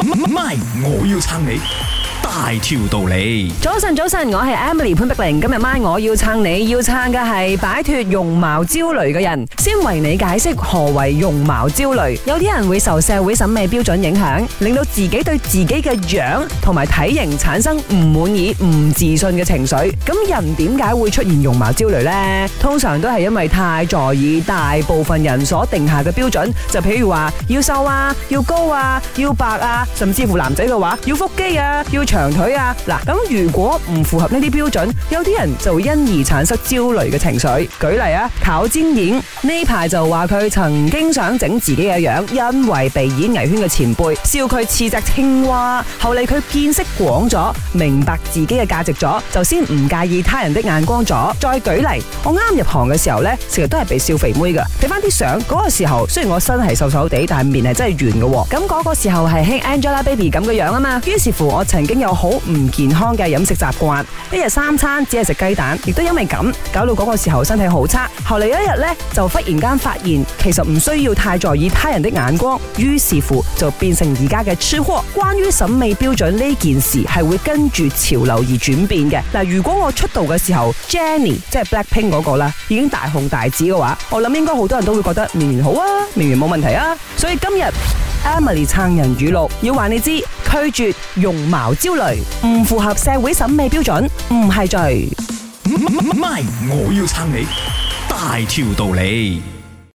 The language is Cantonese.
唔係，ine，我要撐你。大條道理，早晨早晨，我係 Emily 潘碧玲。今日晚我要撐你，要撐嘅係擺脫容貌焦慮嘅人。先為你解釋何為容貌焦慮。有啲人會受社會審美標準影響，令到自己對自己嘅樣同埋體型產生唔滿意、唔自信嘅情緒。咁人點解會出現容貌焦慮呢？通常都係因為太在意大部分人所定下嘅標準，就譬如話要瘦啊，要高啊，要白啊，甚至乎男仔嘅話要腹肌啊，要長。長腿啊！嗱，咁如果唔符合呢啲標準，有啲人就因而產生焦慮嘅情緒。舉例啊，考煎影呢排就話佢曾經想整自己嘅樣，因為被演藝圈嘅前輩笑佢似隻青蛙。後嚟佢見識廣咗，明白自己嘅價值咗，就先唔介意他人的眼光咗。再舉例，我啱入行嘅時候呢，成日都係畀笑肥妹嘅。畀返啲相，嗰、那個時候雖然我身係瘦瘦地，但係面係真係圓嘅。咁、那、嗰個時候係興 Angelababy 咁嘅樣啊嘛。於是乎，我曾經有。好唔健康嘅飲食習慣，一日三餐只係食雞蛋，亦都因為咁搞到嗰個時候身體好差。後嚟有一日呢，就忽然間發現其實唔需要太在意他人的眼光，於是乎就變成而家嘅吃貨。關於審美標準呢件事係會跟住潮流而轉變嘅。嗱，如果我出道嘅時候 Jenny 即係 Blackpink 嗰個啦，已經大紅大紫嘅話，我諗應該好多人都會覺得明明好啊，明明冇問題啊。所以今日 Emily 撐人語錄要話你知。拒絕容貌焦慮，唔符合社會審美標準，唔係罪。唔咪、嗯嗯嗯，我要撐你，大條道理。